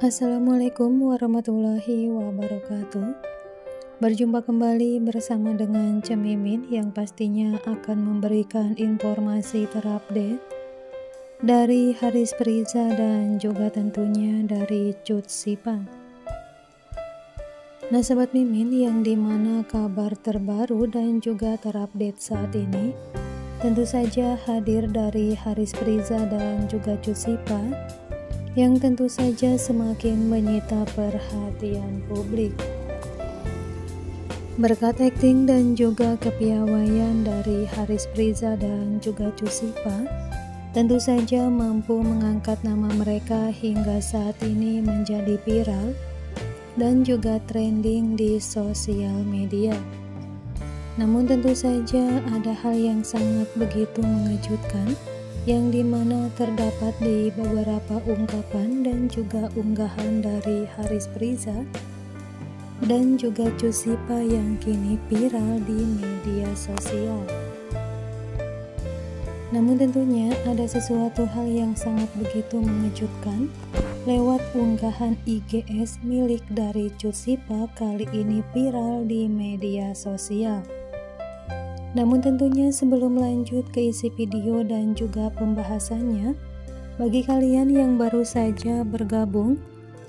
Assalamualaikum warahmatullahi wabarakatuh. Berjumpa kembali bersama dengan Cemimin yang pastinya akan memberikan informasi terupdate dari Haris Priza dan juga tentunya dari Cut Sipan. Nah, sahabat Mimin yang dimana kabar terbaru dan juga terupdate saat ini, tentu saja hadir dari Haris Priza dan juga Cut Sipan yang tentu saja semakin menyita perhatian publik. Berkat akting dan juga kepiawaian dari Haris Priza dan juga Cusipa, tentu saja mampu mengangkat nama mereka hingga saat ini menjadi viral dan juga trending di sosial media. Namun tentu saja ada hal yang sangat begitu mengejutkan, yang dimana terdapat di beberapa ungkapan dan juga unggahan dari Haris Priza dan juga Cusipa yang kini viral di media sosial. Namun tentunya ada sesuatu hal yang sangat begitu mengejutkan lewat unggahan IGS milik dari Cusipa kali ini viral di media sosial. Namun tentunya sebelum lanjut ke isi video dan juga pembahasannya, bagi kalian yang baru saja bergabung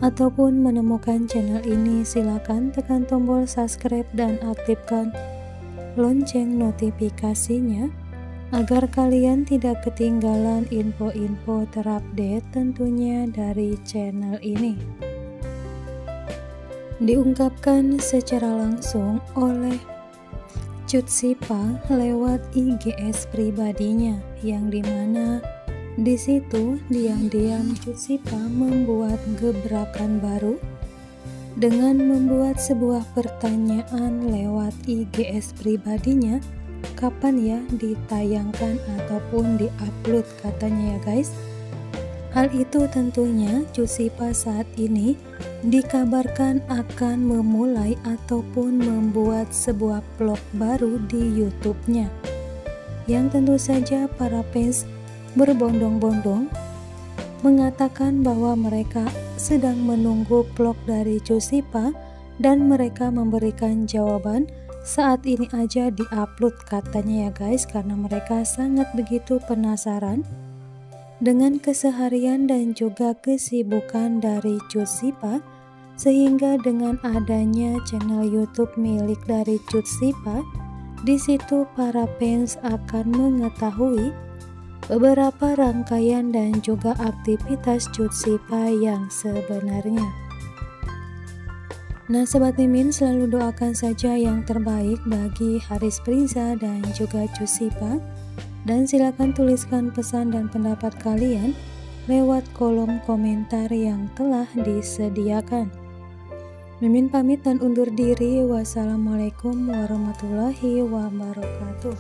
ataupun menemukan channel ini silakan tekan tombol subscribe dan aktifkan lonceng notifikasinya agar kalian tidak ketinggalan info-info terupdate tentunya dari channel ini. Diungkapkan secara langsung oleh Cut lewat IGS pribadinya yang dimana di situ diam-diam Cut membuat gebrakan baru dengan membuat sebuah pertanyaan lewat IGS pribadinya kapan ya ditayangkan ataupun diupload katanya ya guys. Hal itu tentunya Cusipa saat ini dikabarkan akan memulai ataupun membuat sebuah vlog baru di YouTube-nya. Yang tentu saja para fans berbondong-bondong mengatakan bahwa mereka sedang menunggu vlog dari Cusipa dan mereka memberikan jawaban saat ini aja di upload katanya ya guys karena mereka sangat begitu penasaran dengan keseharian dan juga kesibukan dari Cutsipa, sehingga dengan adanya channel YouTube milik dari Cutsipa, di situ para fans akan mengetahui beberapa rangkaian dan juga aktivitas Cutsipa yang sebenarnya. Nah Sobat Mimin selalu doakan saja yang terbaik bagi Haris Priza dan juga Cusipa dan silakan tuliskan pesan dan pendapat kalian lewat kolom komentar yang telah disediakan. Mimin pamit dan undur diri. Wassalamualaikum warahmatullahi wabarakatuh.